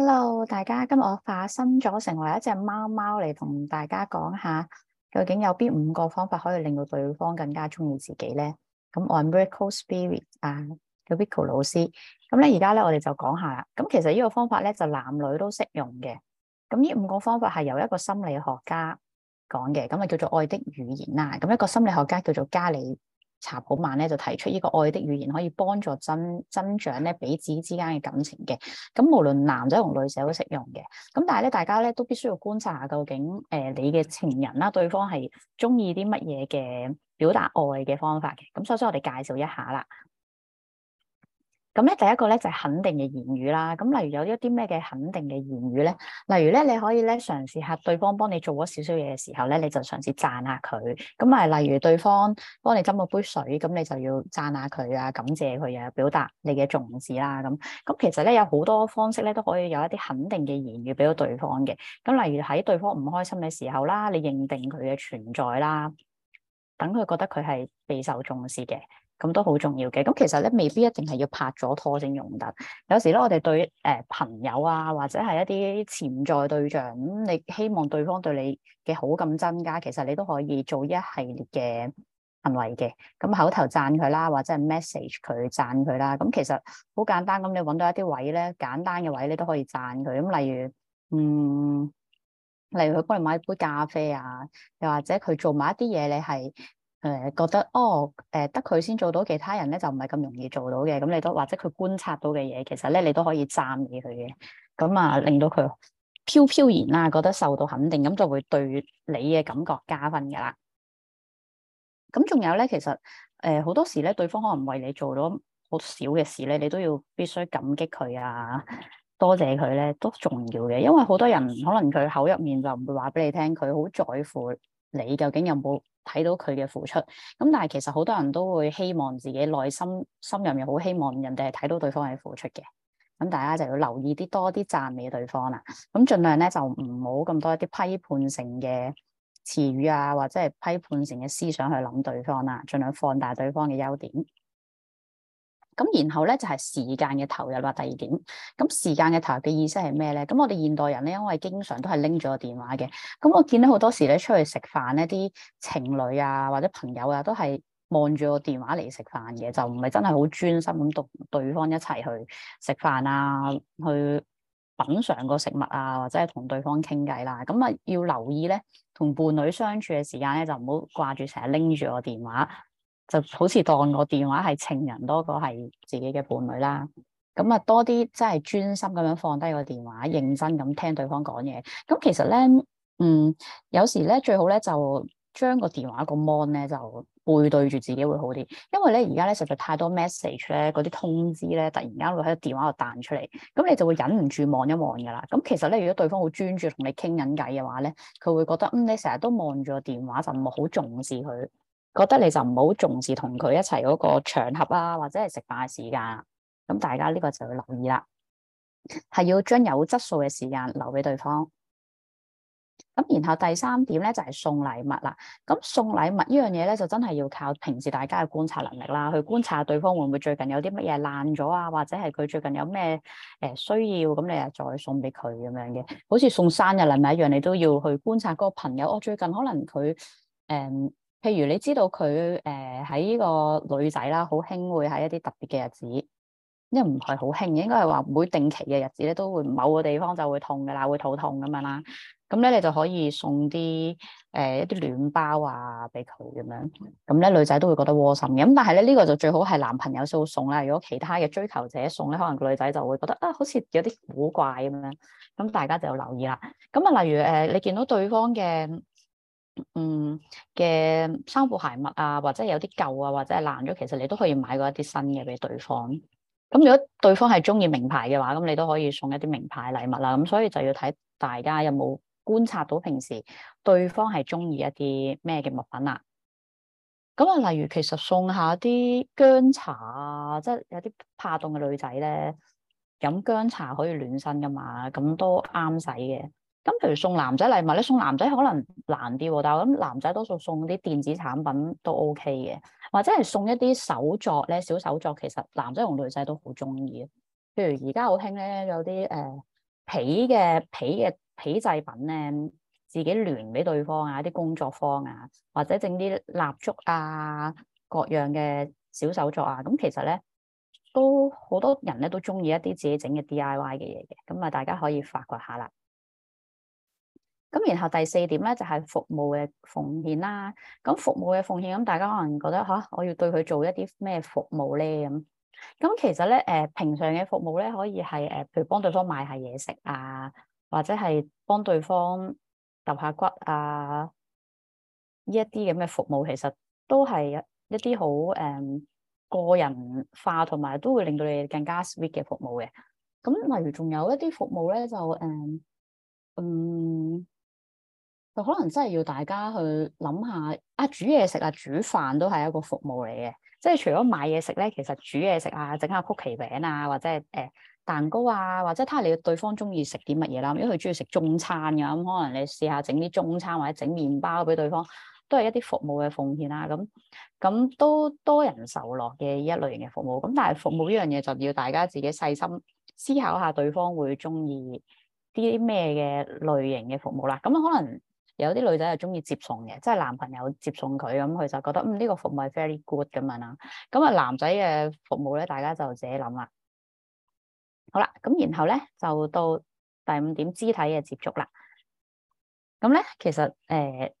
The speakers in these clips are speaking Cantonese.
hello，大家今日我化身咗成為一隻貓貓嚟，同大家講下究竟有邊五個方法可以令到對方更加中意自己咧？咁我係 Miracle Spirit 啊叫 Miracle 老師，咁咧而家咧我哋就講下啦。咁其實呢個方法咧就男女都適用嘅。咁呢五個方法係由一個心理學家講嘅，咁啊叫做愛的語言啦。咁一個心理學家叫做加里。查普曼咧就提出呢個愛的語言可以幫助增增長咧彼此之間嘅感情嘅，咁無論男仔同女仔都適用嘅，咁但係咧大家咧都必須要觀察下究竟誒、呃、你嘅情人啦，對方係中意啲乜嘢嘅表達愛嘅方法嘅，咁首先我哋介紹一下啦。咁咧，第一個咧就係肯定嘅言語啦。咁例如有一啲咩嘅肯定嘅言語咧，例如咧你可以咧嘗試下對方幫你做咗少少嘢嘅時候咧，你就嘗試讚下佢。咁啊，例如對方幫你斟咗杯水，咁你就要讚下佢啊，感謝佢啊，表達你嘅重視啦。咁咁其實咧有好多方式咧都可以有一啲肯定嘅言語俾到對方嘅。咁例如喺對方唔開心嘅時候啦，你認定佢嘅存在啦，等佢覺得佢係備受重視嘅。咁都好重要嘅，咁其實咧未必一定係要拍咗拖先用得。有時咧，我哋對誒朋友啊，或者係一啲潛在對象，咁、嗯、你希望對方對你嘅好感增加，其實你都可以做一系列嘅行為嘅。咁、嗯、口頭讚佢啦，或者係 message 佢讚佢啦。咁、嗯、其實好簡單，咁你揾到一啲位咧，簡單嘅位你都可以讚佢。咁例如，嗯，例如佢幫你買一杯咖啡啊，又或者佢做埋一啲嘢，你係。誒，覺得哦，誒、呃，得佢先做到，其他人咧就唔係咁容易做到嘅。咁你都或者佢觀察到嘅嘢，其實咧你都可以讚嘢佢嘅，咁啊令到佢飄飄然啦，覺得受到肯定，咁就會對你嘅感覺加分噶啦。咁仲有咧，其實誒好、呃、多時咧，對方可能為你做咗好少嘅事咧，你都要必須感激佢啊，多謝佢咧都重要嘅，因為好多人可能佢口入面就唔會話俾你聽，佢好在乎。你究竟有冇睇到佢嘅付出？咁但係其實好多人都會希望自己內心心入面好希望人哋係睇到對方嘅付出嘅。咁大家就要留意啲多啲讚美對方啦。咁盡量咧就唔好咁多一啲批判性嘅詞語啊，或者係批判性嘅思想去諗對方啦。盡量放大對方嘅優點。咁然後咧就係時間嘅投入啦，第二點。咁時間嘅投入嘅意思係咩咧？咁我哋現代人咧，因為經常都係拎住個電話嘅。咁我見到好多時咧，出去食飯咧，啲情侶啊或者朋友啊，都係望住個電話嚟食飯嘅，就唔係真係好專心咁同對方一齊去食飯啊，去品嚐個食物啊，或者係同對方傾偈啦。咁啊要留意咧，同伴侶相處嘅時間咧，就唔好掛住成日拎住個電話。就好似當個電話係情人多過係自己嘅伴侶啦，咁啊多啲即係專心咁樣放低個電話，認真咁聽對方講嘢。咁其實咧，嗯，有時咧最好咧就將個電話個 mon 咧就背對住自己會好啲，因為咧而家咧實在太多 message 咧嗰啲通知咧，突然間會喺個電話度彈出嚟，咁你就會忍唔住望一望噶啦。咁其實咧，如果對方好專注同你傾緊偈嘅話咧，佢會覺得嗯你成日都望住個電話就唔係好重視佢。覺得你就唔好重視同佢一齊嗰個場合啊，或者係食飯嘅時間。咁大家呢個就要留意啦，係要將有質素嘅時間留俾對方。咁然後第三點咧就係、是、送禮物啦。咁送禮物呢樣嘢咧就真係要靠平時大家嘅觀察能力啦，去觀察對方會唔會最近有啲乜嘢爛咗啊，或者係佢最近有咩誒需要，咁你啊再送俾佢咁樣嘅。好似送生日禮物一樣，你都要去觀察個朋友，我、哦、最近可能佢誒。嗯譬如你知道佢誒喺呢個女仔啦，好興會喺一啲特別嘅日子，因為唔係好興，應該係話每定期嘅日子咧，都會某個地方就會痛㗎啦，會肚痛咁樣啦。咁、嗯、咧，你就可以送啲誒一啲、呃、暖包啊，俾佢咁樣。咁、嗯、咧，女仔都會覺得窩心嘅。咁、嗯、但係咧，呢、這個就最好係男朋友先會送啦。如果其他嘅追求者送咧，可能個女仔就會覺得啊，好似有啲古怪咁樣。咁、嗯、大家就留意啦。咁、嗯、啊，例如誒、呃，你見到對方嘅。嗯，嘅衫褲鞋襪啊，或者有啲舊啊，或者係爛咗，其實你都可以買過一啲新嘅俾對方。咁如果對方係中意名牌嘅話，咁你都可以送一啲名牌禮物啦。咁所以就要睇大家有冇觀察到平時對方係中意一啲咩嘅物品啦。咁啊，例如其實送一下啲薑茶啊，即係有啲怕凍嘅女仔咧，飲薑茶可以暖身噶嘛，咁都啱使嘅。咁譬如送男仔禮物，你送男仔可能難啲，但係我諗男仔多數送啲電子產品都 OK 嘅，或者係送一啲手作咧，小手作其實男仔同女仔都好中意。譬如而家好興咧，有啲誒、呃、皮嘅皮嘅皮製品咧，自己聯俾對方啊，一啲工作坊啊，或者整啲蠟燭啊，各樣嘅小手作啊，咁其實咧都好多人咧都中意一啲自己整嘅 DIY 嘅嘢嘅，咁啊大家可以發掘下啦。咁然後第四點咧就係、是、服務嘅奉獻啦。咁服務嘅奉獻，咁大家可能覺得吓、啊，我要對佢做一啲咩服務咧咁。咁其實咧，誒、呃，平常嘅服務咧，可以係誒，譬如幫對方買下嘢食啊，或者係幫對方揼下骨啊，呢一啲咁嘅服務，其實都係一啲好誒個人化，同埋都會令到你更加 sweet 嘅服務嘅。咁例如仲有一啲服務咧，就誒，嗯。嗯就可能真係要大家去諗下啊，煮嘢食啊，煮飯都係一個服務嚟嘅。即係除咗買嘢食咧，其實煮嘢食啊，整下曲奇餅啊，或者係誒、呃、蛋糕啊，或者睇下你對方中意食啲乜嘢啦。因為佢中意食中餐㗎，咁、嗯、可能你試下整啲中餐或者整麵包俾對方，都係一啲服務嘅奉獻啦。咁、嗯、咁、嗯、都多人受落嘅一類型嘅服務。咁、嗯、但係服務呢樣嘢就要大家自己細心思考下，對方會中意啲咩嘅類型嘅服務啦。咁、嗯嗯、可能～有啲女仔係中意接送嘅，即係男朋友接送佢咁，佢就覺得嗯呢、這個服務係 very good 咁樣啦。咁、嗯、啊男仔嘅服務咧，大家就自己諗啦。好啦，咁然後咧就到第五點肢體嘅接觸啦。咁、嗯、咧其實誒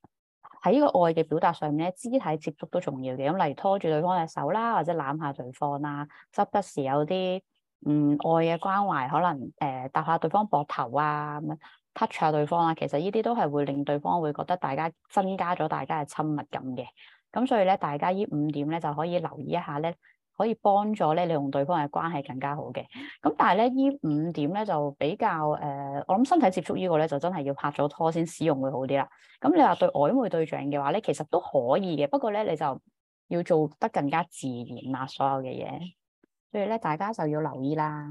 喺呢個愛嘅表達上面咧，肢體接觸都重要嘅。咁例如拖住對方隻手啦，或者攬下對方啦，時不時有啲嗯愛嘅關懷，可能誒、呃、搭下對方膊頭啊咁樣。touch 下對方啦，其實呢啲都係會令對方會覺得大家增加咗大家嘅親密感嘅。咁所以咧，大家依五點咧就可以留意一下咧，可以幫助咧你同對方嘅關係更加好嘅。咁但係咧依五點咧就比較誒、呃，我諗身體接觸呢個咧就真係要拍咗拖先使用會好啲啦。咁你話對曖昧對象嘅話咧，其實都可以嘅，不過咧你就要做得更加自然啊，所有嘅嘢。所以咧，大家就要留意啦。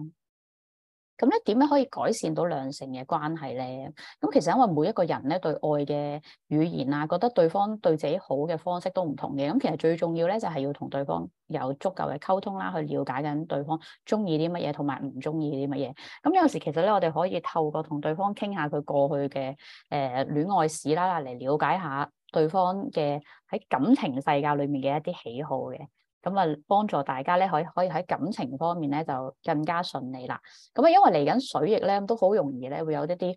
咁咧點樣可以改善到兩性嘅關係咧？咁其實因為每一個人咧對愛嘅語言啊，覺得對方對自己好嘅方式都唔同嘅。咁其實最重要咧就係要同對方有足夠嘅溝通啦，去了解緊對方中意啲乜嘢，同埋唔中意啲乜嘢。咁有時其實咧我哋可以透過同對方傾下佢過去嘅誒、呃、戀愛史啦，嚟了解下對方嘅喺感情世界裏面嘅一啲喜好嘅。咁啊，幫助大家咧，可可以喺感情方面咧，就更加順利啦。咁啊，因為嚟緊水逆咧，都好容易咧，會有一啲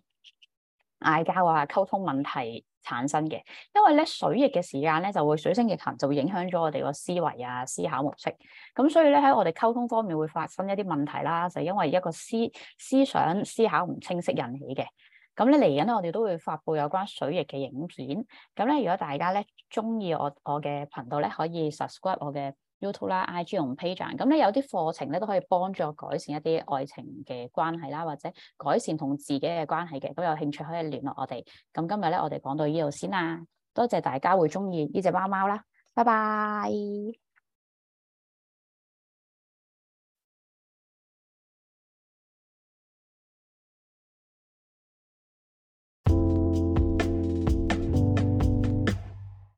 嗌交啊、溝通問題產生嘅。因為咧，水逆嘅時間咧，就會水星逆行，就會影響咗我哋個思維啊、思考模式。咁所以咧，喺我哋溝通方面會發生一啲問題啦，就因為一個思思想思考唔清晰引起嘅。咁咧嚟緊咧，我哋都會發布有關水逆嘅影片。咁、嗯、咧，如果大家咧中意我我嘅頻道咧，可以 subscribe 我嘅。YouTube 啦、IG 同 Patreon 咁咧有啲課程咧都可以幫助改善一啲愛情嘅關係啦，或者改善同自己嘅關係嘅。咁有興趣可以聯絡我哋。咁今日咧，我哋講到呢度先啦。多謝大家會中意呢隻貓貓啦，拜拜。